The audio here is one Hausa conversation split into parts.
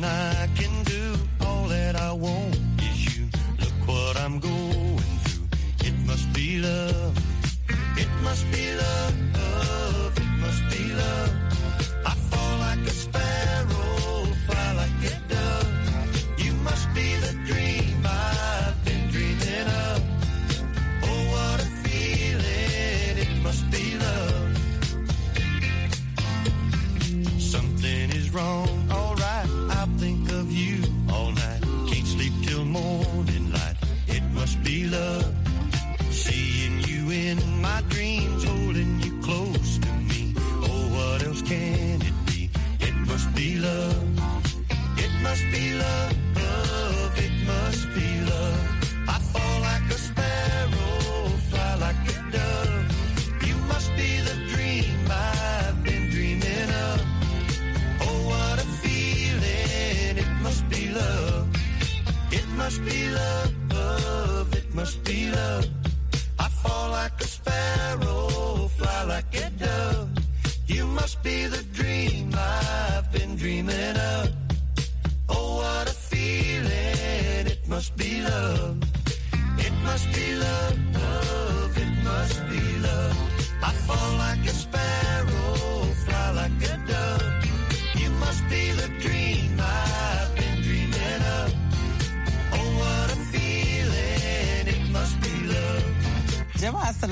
nothing I can do. morning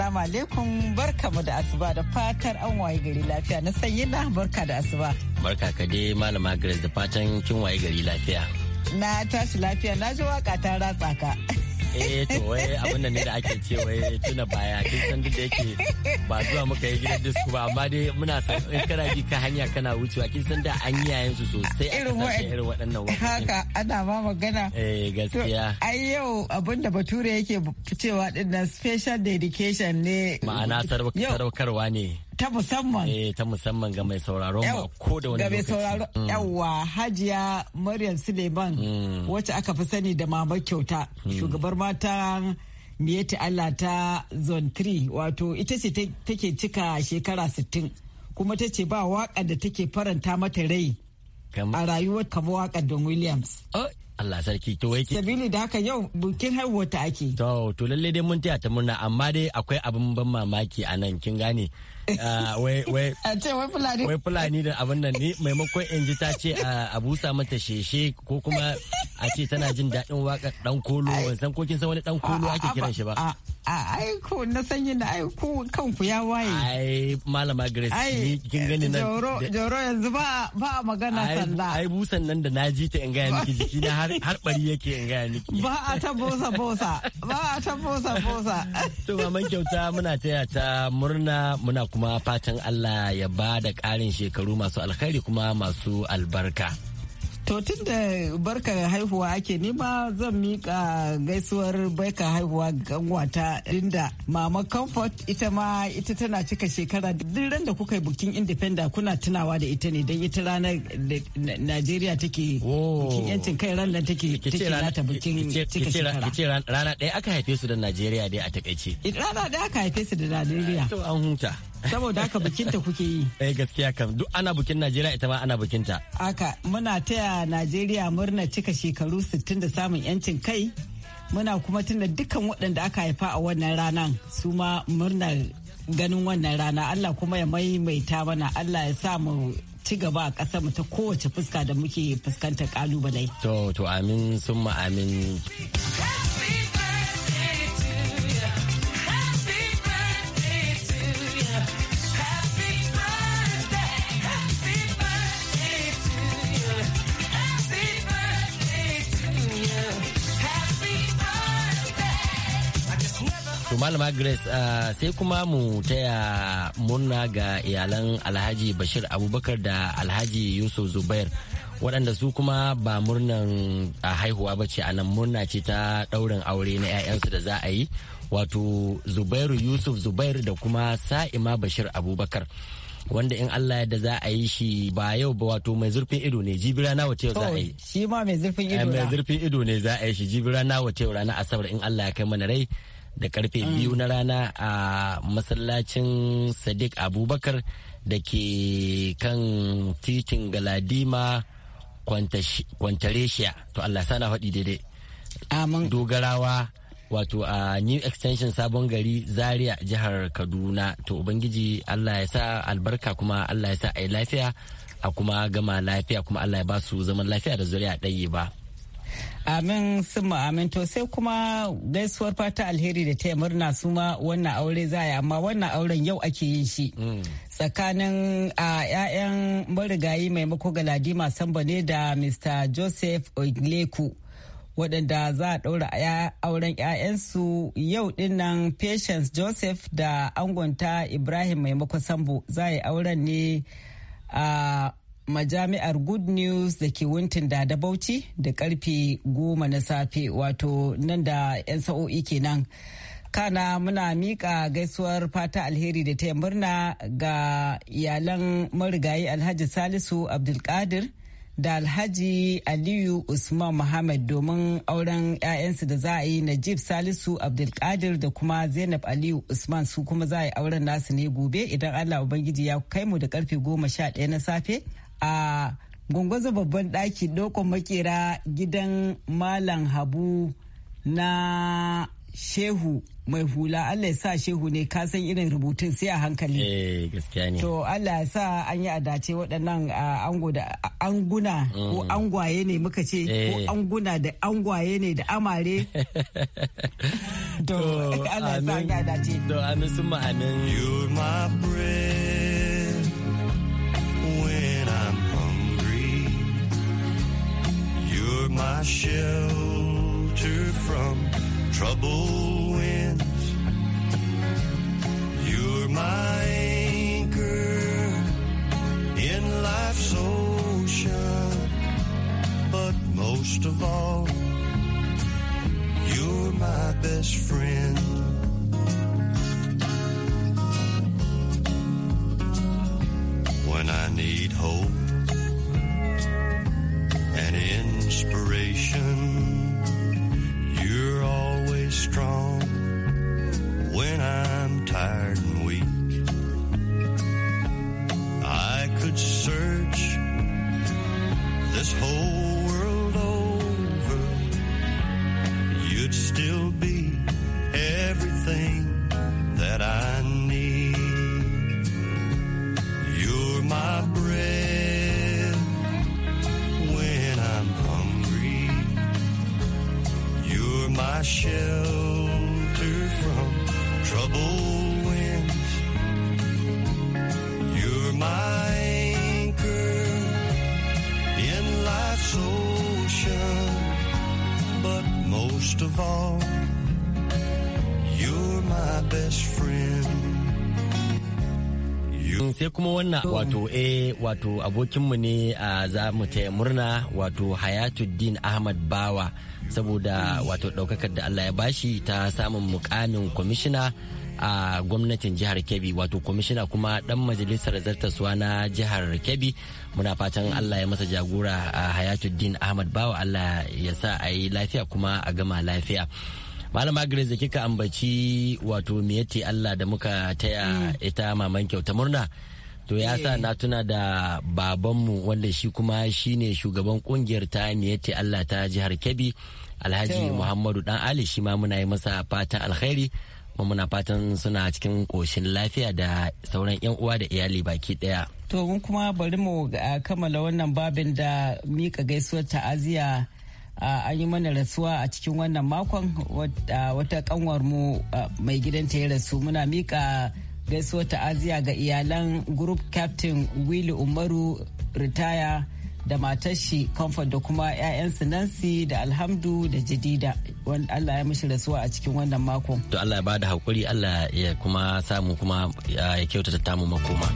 Assalamu alaikum barka mu da asuba da fatar an waye gari lafiya na sanyi na barka da asuba. Barka ka dai malama Grace da fatan kin waye gari lafiya. Na tashi lafiya na ji waka ta ratsa ka. eh to wai abin ne da ake ce wai tuna baya kin san duk da yake ba zuwa muka yi gidan disko ba amma dai muna san in kana bi ka hanya kana wucewa kin san da an yayan su sosai a kasashen irin waɗannan wakokin haka ana ma magana eh gaskiya ai yau abinda bature yake cewa din nan special dedication ne ma'ana sarwakarwa ne ta musamman. Eh ta musamman ga mai sauraron ma ko da wani lokaci. Ga sauraro mm. yawa Hajiya Maryam Suleiman mm. wacce aka fi sani da Mama Kyauta mm. shugabar mata miyati Allah ta zone 3 wato ita ce take cika shekara 60 kuma ta ce ba waƙar da take faranta mata rai a rayuwar kama waƙar don Williams. Oh, Allah sarki to wai Sabili da haka yau bukin haihuwar ta ake. To to dai mun taya ta murna amma dai akwai abin ban mamaki a nan kin gane. Ah, wai fulani da abin nan ne maimakon in ji ta ce a busa mata sheshe ko kuma a ce tana jin daɗin waƙar ɗan kolo san ko kin san wani ɗan kolo ake kiran shi ba a aiko na sanyi na aiko kanku ya waye ai malama grace ni kin gani nan joro yanzu ba ba magana sanda ai busan nan da naji ta in gaya miki jiki na har har bari yake in gaya miki ba a ta bosa bosa ba a ta bosa bosa to maman kyauta muna taya ta murna muna kuma kuma fatan Allah ya ba da ƙarin shekaru masu alkhairi kuma masu albarka. To tun da barka haihuwa ake nema zan mika gaisuwar barka haihuwa gangwata inda mama comfort ita ma ita tana cika shekara duk ran da kuka yi bukin independent kuna tunawa da ita ne don ita ranar da Najeriya take bukin oh. yancin kai ran nan take ta nata bukin cika shekara. Kice rana ɗaya aka haife su da Najeriya dai a takaice. Rana ɗaya aka haife su da Najeriya. To an huta. saboda haka bikinta kuke yi eh gaskiya kam duk ana bikin najeriya ita ma ana bikinta haka muna taya najeriya murna cika shekaru 60 da samun yancin kai muna kuma tuna dukkan waɗanda aka haifa a wannan rana su ma murnar ganin wannan rana allah kuma ya maimaita mana allah ya sa mu ci gaba a ƙasar mu ta kowace fuska da muke fuskantar kalubale to to amin sun amin To Malama Grace ah, sai kuma mu taya murna ga iyalan Alhaji Bashir Abubakar da Alhaji Yusuf Zubair waɗanda su kuma ba murnan ah, haihuwa ba ce anan murna ce ta ɗaurin aure na 'ya'yansu da za a yi wato Zubairu Yusuf Zubair da kuma Sa'ima Bashir Abubakar. wanda in Allah yadda za a yi shi ba yau ba wato mai zurfin ido ne jibira na wace za a yi shi ma mai zurfin eh, ido ne mai zurfin ido ne za a yi shi jibira na wace ranar asabar in Allah ya kai mana rai da karfe biyu na rana a masallacin sadiq abubakar da ke kan titin galadima kwantareshiya to allah sana faɗi daidai dogarawa wato a new extension sabon gari zaria jihar kaduna to ubangiji allah ya sa albarka kuma allah ya sa a lafiya a kuma gama lafiya kuma allah ya ba su zaman lafiya da zuriya ɗaya ba Amin sun amin to sai kuma gaisuwar fata alheri da taya murna su ma wannan aure za yi amma wannan auren yau ake yin shi. Mm. Tsakanin a 'ya'yan marigayi maimako galadima sambo ne da Mr. Joseph Ogleku. waɗanda za a ɗaura auren 'ya'yansu yau dinnan patience joseph da angonta ibrahim maimako sambo za yi auren ne a majami'ar good news da ke wuntin da da bauchi da karfe goma na safe wato nan da 'yan sa'o'i kenan kana muna miƙa gaisuwar fata alheri da ta murna ga iyalan marigayi alhaji salisu abdulkadir da alhaji aliyu usman muhammad domin auren 'ya'yansu da za a yi najib salisu abdulkadir da kuma zainab aliyu usman su kuma za a yi auren nasu ne gobe idan allah ubangiji ya kai mu da karfe goma sha ɗaya na safe a gungunzo babban ɗaki doko makera gidan malam habu na shehu mai hula allah ya sa shehu ne ka san irin rubutun sai a hankali eh gaskiya ne to allah ya sa an yi adace waɗannan ango da anguna ko mm. angwaye ne muka ce ko eh. anguna da angwaye ne da amare to allah ya sa an yi adace to amin sun ma'anin you're my friend my shelter from trouble winds. You're my anchor in life's ocean, but most of all, you're my best friend. When I need hope inspiration. of all. You're my best friend. sai kuma wannan wato eh wato abokinmu ne a za mu taya murna wato hayatuddin ahmad bawa saboda wato daukakar da allah ya bashi ta samun mukamin kwamishina a gwamnatin jihar kebbi wato kwamishina kuma dan majalisar zartaswa na jihar kebbi muna fatan allah ya masa jagora a hayatuddin ahmad bawa allah ya sa a yi lafiya kuma a gama lafiya Malam grace da kika ambaci wato miyati allah da muka taya mm. ita maman kyauta murna to ya sa eh. na tuna da babanmu wanda shi kuma shine shugaban kungiyar ta miyati allah ta jihar kebbi alhaji muhammadu dan ali shi ma muna yi masa fatan alkhairi muna fatan suna cikin ƙoshin lafiya da sauran 'yan uwa da iyali baki ɗaya. To mun kuma bari mu kammala wannan babin da mika gaisuwar ta'aziya an yi mana rasuwa a cikin wannan makon wata kanwar mu mai gidan ta ya rasu muna mika gaisuwar ta'aziya ga iyalan group captain willy umaru ritaya da matar shi comfort da kuma 'ya'yansu nancy da alhamdu da jadida wanda allah ya mishi rasuwa a cikin wannan makon to allah ya bada hakuri allah ya kuma samu kuma ya kyautata tamu makoma.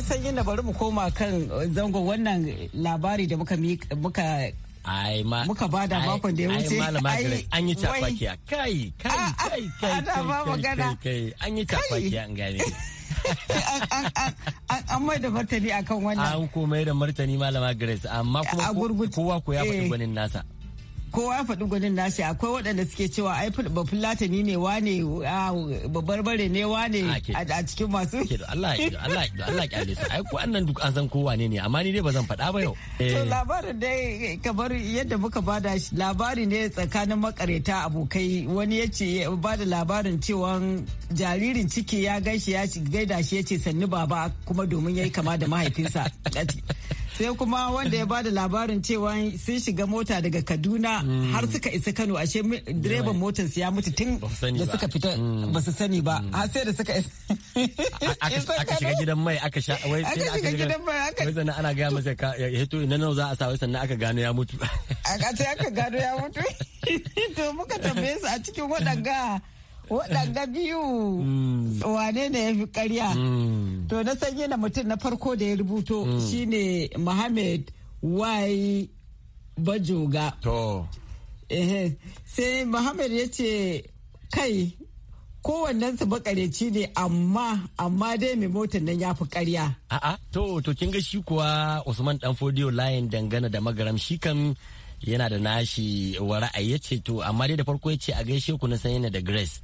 na san yana bari mu koma kan uh, zango wannan labari da muka muka ai ma muka bada makon da ya wuce ai malama Grace an yi tafakiya kai kai ah, ah, kai kai kai kai an yi tafakiya an gane an mai da martani akan wannan an ko mai da martani malama Grace amma kuma kowa ko ya faɗi eh. gwanin nasa kowa ya faɗi gudun nasi akwai waɗanda suke cewa ai bafulatani ne wane babarbare ne wane ah, a cikin masu Allah Allah kyale su ai ko annan duk an san kowa ne ne amma ni dai ba zan faɗa ba yau to eh. labarin dai kamar yadda muka bada shi labari ne tsakanin makareta abokai wani ya ce bada labarin cewa jaririn ciki ya gaishe ya gaida shi ya ce sannu baba kuma domin ya yi kama da mahaifinsa sai kuma wanda ya bada labarin cewa sun shiga mota daga kaduna hmm. har suka isa kano ashe direban motar su ya mutu tun da suka fita hmm. ba su sani ba hmm. har sai da suka isa aka shiga gidan mai aka sha wai aka shiga gidan mai aka wai sannan ana gaya masa ya hito ina nan za a sa wai sannan aka gano ya mutu aka ce aka gano ya mutu to muka tambaye su a cikin waɗanga waɗanda biyu hmm. wane ne ya fi karya hmm. to na san yana mutum na farko da ya rubuto hmm. shine Muhammad Y Bajoga sai Muhammad ya ce kai su bakareci ne amma amma dai mai motar nan ya fi karya. A'a to to kin ga shi kuwa Usman Danfodiyo layin dangana da magaram shi kan yana da nashi wa ra'ayi ya ce to amma dai da farko ya ce a gaishe ku na san yana da Grace.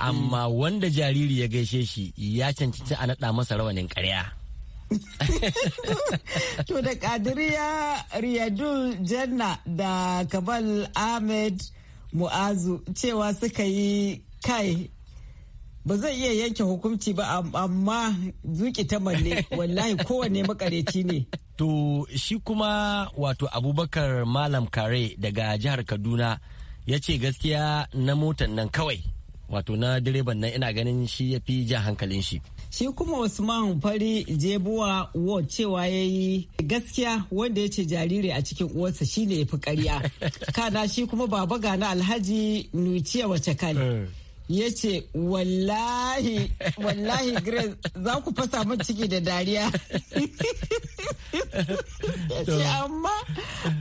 amma mm. wanda jariri ya gaishe shi ya cancanci a naɗa masa rawanin karya. to da kadiriya riyadul janna da kabal ahmed mu'azu cewa suka yi kai ba zai iya yanke hukunci ba amma zuki ta malle wallahi kowane makareci ne to shi kuma wato abubakar malam kare daga jihar kaduna ya ce gaskiya na motan nan kawai wato na direban nan ina ganin shi ya fi jan hankalin shi shi kuma usman fari jebuwa ward cewa ya yi gaskiya wanda ya ce jariri a cikin uwarsa shine ya fi karya kana shi kuma baba gana alhaji nuciya wace kali eh. ya ce wallahi wallahi grace za ku fasa min ciki da dariya amma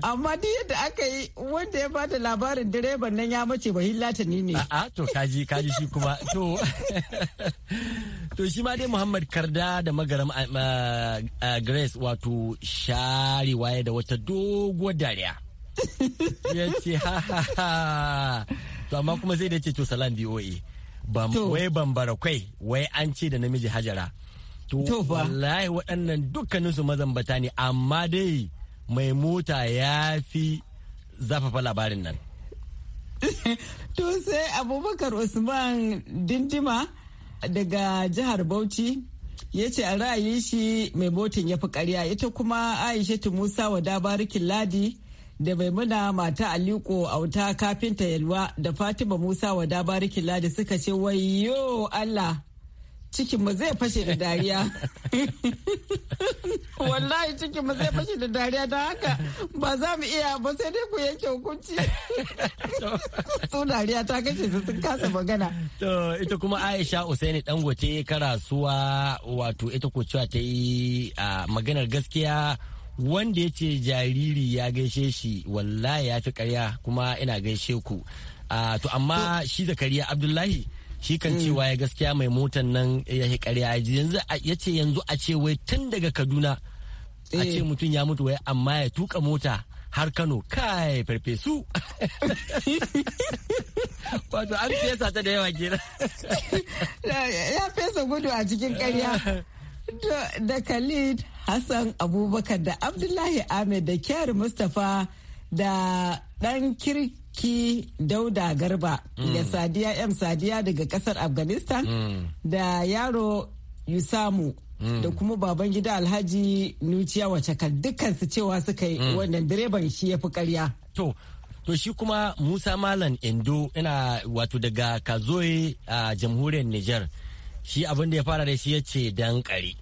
amma duk yadda aka yi wanda ya bada labarin direban nan ya mace ba hillatani ne a to kaji kaji shi kuma to to shi ma dai Muhammad Karda da magaram eh, eh, Grace wato Shari waye da wata doguwar dariya ya ce ha ha ha to amma kuma zai da ce to salam BOA wai bambara wai an ce da namiji hajara to wallahi waɗannan dukkanin su mazambata ne amma dai mai mota ya fi zafafa labarin nan to sai abubakar usman dindima daga jihar bauchi ya ce a ra'ayin shi mai motin ya fi karya ita kuma aisha musa wa barikin ladi da maimuna mata aliko auta kafinta yalwa da fatima musa wa barikin ladi suka ce wayo allah cikin mu zai fashe da dariya wallahi cikin mu zai fashe da dariya don haka ba za mu iya ba sai dai ku yanke hukunci su dariya ta kashe su sun kasa magana to ita kuma Aisha Usaini Dangote karasuwa wato ita ko cewa ta yi maganar gaskiya wanda ya ce jariri ya gaishe shi wallahi ya fi karya kuma ina gaishe ku to amma shi zakariya Abdullahi shi kan mm. cewa ya gaskiya mai motan nan ya yi ƙarya yanzu ya ce yanzu a ce wai tun daga kaduna a ce eh. mutum ya mutu wai amma ya tuka mota har kano kai farfesu wato an fesa ta da yawa kenan ya fesa gudu a cikin karya. da khalid hassan abubakar da abdullahi ahmed da kyar mustapha da dan kirki ɗauki dauda garba mm. da sadiya m sadiya daga kasar afghanistan mm. da yaro yusamu mm. da kuma baban gida alhaji nuciya wace kan su cewa suka yi wannan direban shi ya fi karya. to to shi kuma musa malam indo ina wato daga kazoe a jamhuriyar Nijar shi abin da ya fara da shi ya ce dan kare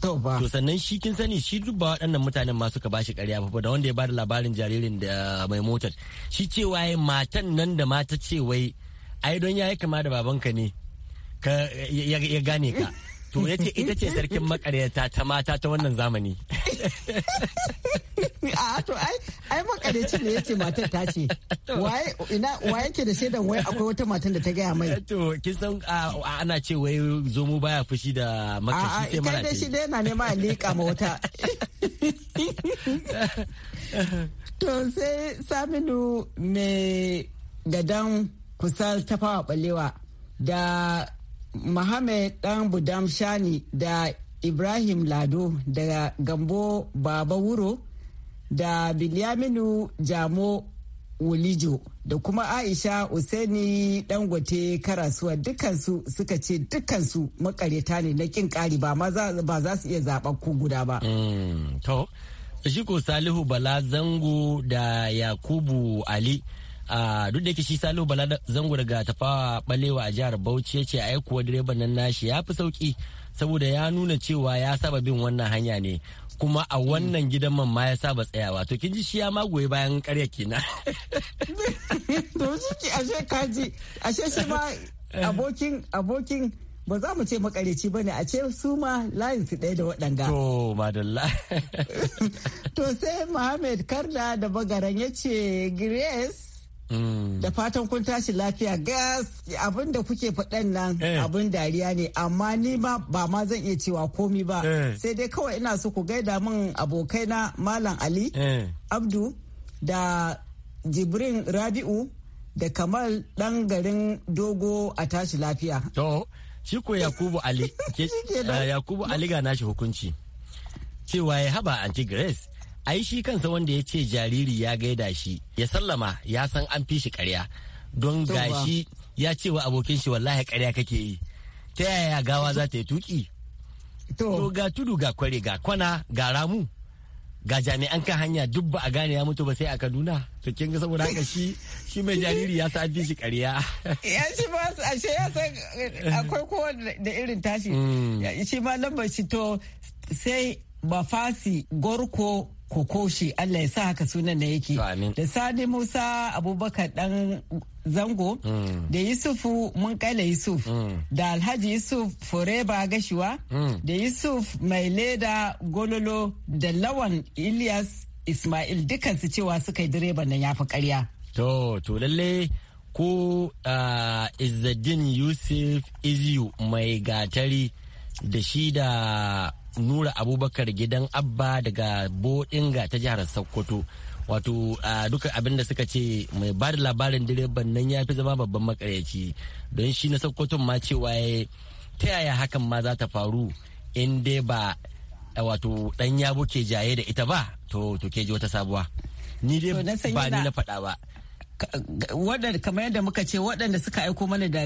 To sannan shi kin sani shi duk ba waɗannan mutanen ma suka bashi ƙarya ba da wanda ya bada labarin jaririn da mai motar. Shi cewa ya matan nan da mata ce wai ai don yayi kama da babanka ne ka ya gane ka. To ya ce ita ce sarkin makaryata ta mata ta wannan zamani. Ah, to ai ai makareci ne yake matar ta ce waye ina waye yake da shaidan wai akwai wata matan da ta gaya mai to kin san ana ce wai zo mu baya fushi da makashi sai mara ce shi dai na nema ya lika ma wata to sai saminu mai gadan kusal fawa balewa da Muhammad dan budam shani da ibrahim lado da gambo baba wuro da bilyaminu jamo wulijo da kuma aisha useni dangote karasuwa dukansu suka ce dukansu makareta ne na kin kari ba ba za su iya zaɓa ku guda ba mm, to shiko salihu bala zango da yakubu ali a duk da ke shi salihu bala zango daga tafawa balewa a jihar bauchi ya ce yi kuwa direban nan nashi ya fi sauki saboda ya nuna cewa ya saba bin wannan hanya ne kuma a wannan gidan man ma ya saba tsayawa to kin ji shi ya ma goyi bayan karya kenan to shi ashe kaji ashe shi ma abokin abokin ba za mu ce makareci ba ne a ce su ma layin su ɗaya da waɗanga. To, madalla. to sai Mohammed Karda da bagaran ya ce Grace Mm. da fatan kun tashi lafiya gas abin da kuke faɗan nan eh. abin dariya ne amma ni ma ba ma zan iya cewa komi ba eh. sai dai kawai ina so ku gaida min abokaina malam ali eh. abdu da jibrin rabi'u da kamal ɗan garin dogo a tashi lafiya shi ko yakubu ali yakubu ali ga nashi hukunci cewa ya haba anti grace ai shi kansa wanda ya ce jariri ya gaida shi ya sallama ya san an fi shi karya don gashi ya ce wa abokin shi wallahi karya kake yi ta yaya gawa za ta yi tuki to ga tudu ga kware ga kwana ga ramu ga jami'an kan hanya duk ba a gane ya mutu ba sai a Kaduna to kin ga saboda haka shi shi mai jariri ya an fi shi karya. ya shi ba ashe ya san akwai kowa da irin tashi mm. shi ma lambar shi to sai ba fasi gorko kokoshi Allah ya sa haka sunan na yake da sani musa abubakar dan zango mm. da yusufu munkale yusuf mm. da alhaji yusuf foreba gashiwa mm. da yusuf mai leda gololo da lawan ilyas ismail dukansu cewa suka yi direban nan yafi karya to to lalle ko uh, izzaddin yusuf iziyu mai gatari da shi da nura abubakar gidan abba daga bodinga ta jihar sokoto wato duka abin da suka ce mai ba da labarin direban nan ya fi zama babban makaryaci don shi na sokoton ma cewa ya ta yaya hakan ma za ta faru in dai ba wato dan yabo ke jaye da ita ba to to ke ji wata sabuwa ni dai ba ni na faɗa ba kamar yadda muka ce waɗanda suka aiko mana da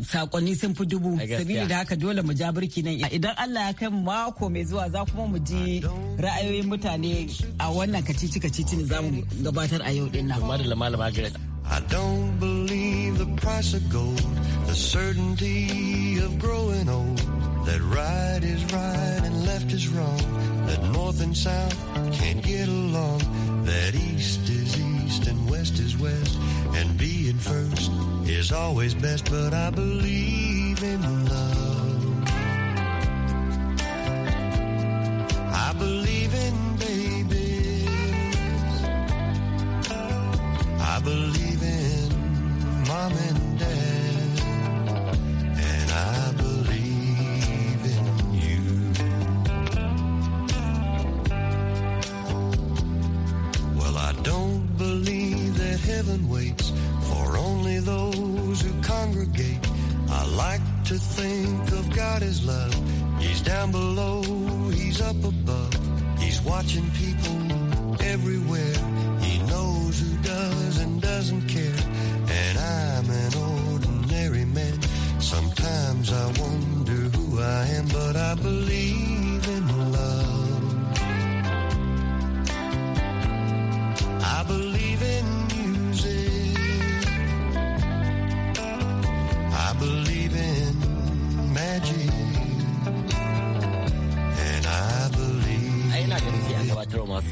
sakonni sun fi dubu sabili da haka dole mu ja birki nan idan Allah ya kai mu mako mai zuwa za kuma mu ji ra'ayoyin mutane a wannan kacici kacici da zamu gabatar a yau din nan I don't believe the price of gold the certainty of growing old that right is right and left is wrong that north and south can't get along that east is east and west is west and being first is always best, but I believe in love. I believe in babies. I believe in mom and dad. like to think of God as love. He's down below, he's up above. He's watching people everywhere. He knows who does and doesn't care.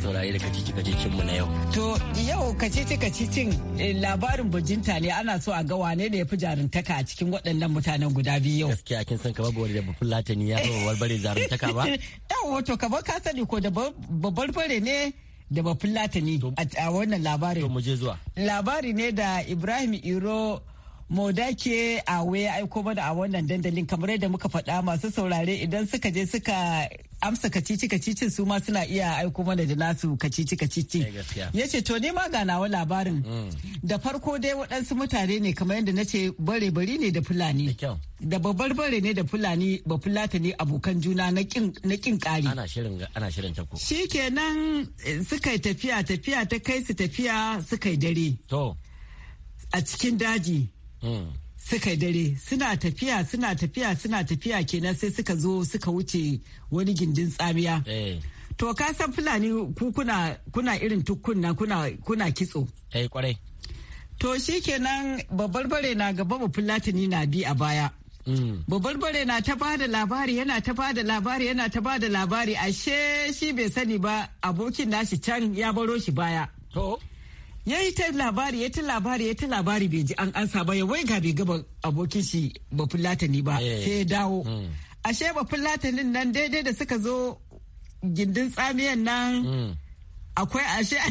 saurari da kacici kacicin mu na yau. To yau kacici kacicin eh, labarin bujinta ne ana so a ga wane da ya fi jaruntaka a cikin waɗannan mutanen guda biyu yau. Gaskiya kin san kamar wani da babban latani ya fi babbar jaruntaka ba? Yawo wato kamar ka sani ko da babbar bare ne da babban latani a wannan labarin. To mu je zuwa. Labari ne da Ibrahim Iro Modake a waya aiko mana a wannan dandalin kamar yadda muka faɗa masu saurare idan suka je suka amsa kacici kacicin su ma suna iya aiko mana da nasu kacici eh, kacici ya ce to ma ga nawa labarin mm. da farko dai waɗansu mutane ne kamar yadda na ce bare bari ne da fulani da babbar bare ne da fulani ba fulata ne abokan juna na kin kari ana shirin shikenan eh, suka tafiya tafiya ta kai su tafiya suka dare a cikin daji mm. suka dare suna tafiya suna tafiya suna tafiya kenan sai suka zo suka wuce wani gindin tsamiya eh. to ka san fulani ku kuna kuna irin tukunna kuna kitso eh kwarai to shikenan babbar bare na gaba ba fulatini na bi a baya mm. Babbar Babarbare na ta bada labari yana ta bada labari yana ta bada labari ashe shi bai sani ba abokin nashi can ya baro shi baya. To. ya yi ta labari ya ta labari ya ta labari bai ji an ansa ba ya wai ga bai gaba abokin shi ba fulatani eh. ba sai ya dawo hmm. ashe ba fulatanin nan daidai da suka zo gindin tsamiyan nan hmm. akwai ashe a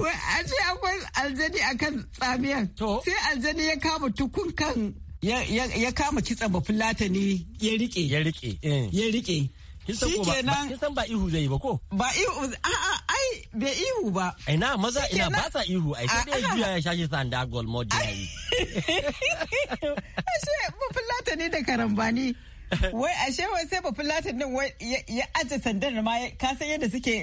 ashe akwai aljani akan tsamiyan sai aljani ya kama tukun kan ya kama kitsa ba fulatani ya rike ya rike ya rike shikenan kin san ba ihu zai yi ba ko ba ihu a'a ai bai ihu ba ina maza ina ba sa ihu ai sai dai juya ya shashi sanda gol mod ya yi sai ba fulata ne da karambani wai ashe wai sai ba fulata din wai ya aje sandan ma ka san yadda suke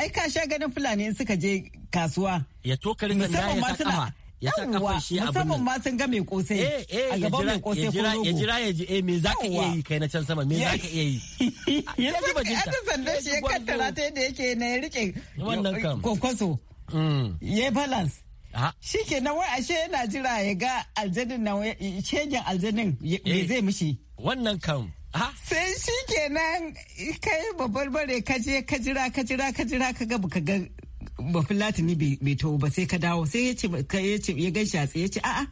ai ka sha ganin fulani suka je kasuwa ya tokarin da ya sa ya sa kafar shi abin musamman ma sun ga mai kosai eh, a eh, gaban mai kosai ko rogo ya jira ya ji eh me zaka iya yi kai na can sama me zaka iya yi ya ji bajinta ya sanda shi ya kattara ta yadda yake na ya rike wannan kam kokoso mm. ya balance shi ke na wai ashe yana jira ya ga aljanin na shegen aljanin me eh. zai mishi wannan kam sai shi nan kai babbar bare ka je ka jira ka jira ka jira ka ga ka ga bafulatani bai taho ba sai ka dawo sai ya ce ya gaishe a tsaye ce a'a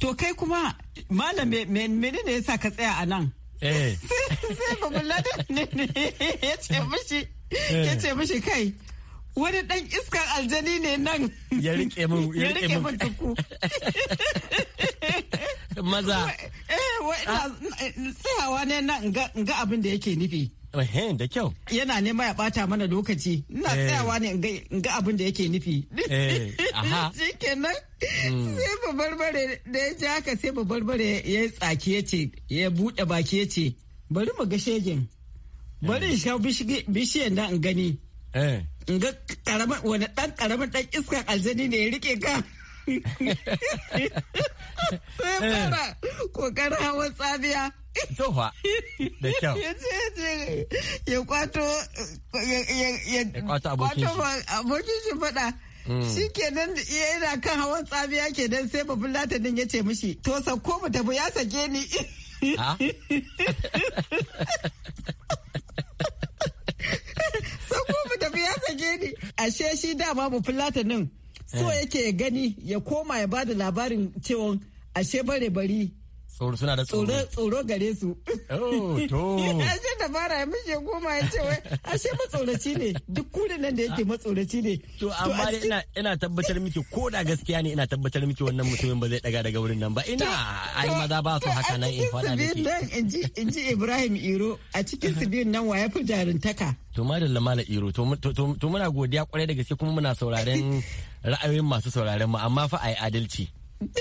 to kai kuma malam menene ya sa ka tsaya a nan eh. sai bafulatani ne ya ce mishi eh. ya ce mishi kai wani dan iskar aljani ne nan ya rike mun ya rike min tuku maza eh hawa ne nan ga abin da yake nufi Ehem da kyau. Yana nema ya ɓata mana lokaci. Ina eh. tsayawa ne in ga abin da yake nufi. Eh, Shi kenan hmm. sai barbare da ya ji haka sai barbare ya yi tsaki ya ce ya buɗe baki ya ce bari mu ga shegin. Bari in eh. sha bishiyan nan in gani. In ga wani ɗan ƙaramin ɗan iskar aljani ne ya rike ka. sai fara kokarin hawan tsamiya tofa da kyau ya kwato ya kwato abokin shi fada mm. shi ke kenan yana kan hawan tsamiya nan sai babin latanin ya ce mishi to sako mu tafi ya sake ni sako mu tafi ya sake ni ashe shi dama babin latanin so eh. yake gani ya koma ya bada labarin cewa ashe bare bari tsoro suna da tsoro tsoro gare su oh, to ya ce da fara ya mishe goma ya ce wai ashe matsoraci ne duk kudin nan da yake matsoraci ne to amma ina ina tabbatar miki ko da gaskiya ne ina tabbatar miki wannan mutumin ba zai daga daga wurin nan ba ina ai maza ba su haka nan in fada miki nan inji inji Ibrahim Iro a cikin su biyun nan wa ya fi jaruntaka to madalla mala Iro to to muna godiya kwarai da gaske kuma muna sauraren ra'ayoyin masu sauraren mu amma fa ai adalci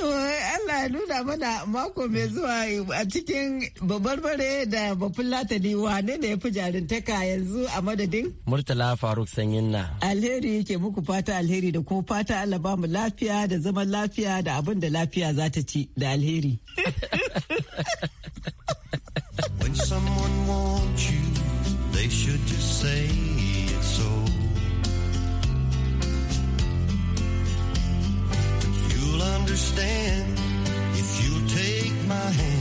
Allah ya nuna mana mako mai zuwa a cikin babarbare da babban latani wane ne ya fi jarintaka yanzu a madadin? Murtala Faruk Sanyin na. Alheri ke muku fata alheri da ko fata Allah ba mu lafiya da zaman lafiya da abin da lafiya za ta ci da alheri. When someone wants you, they should just say understand if you'll take my hand.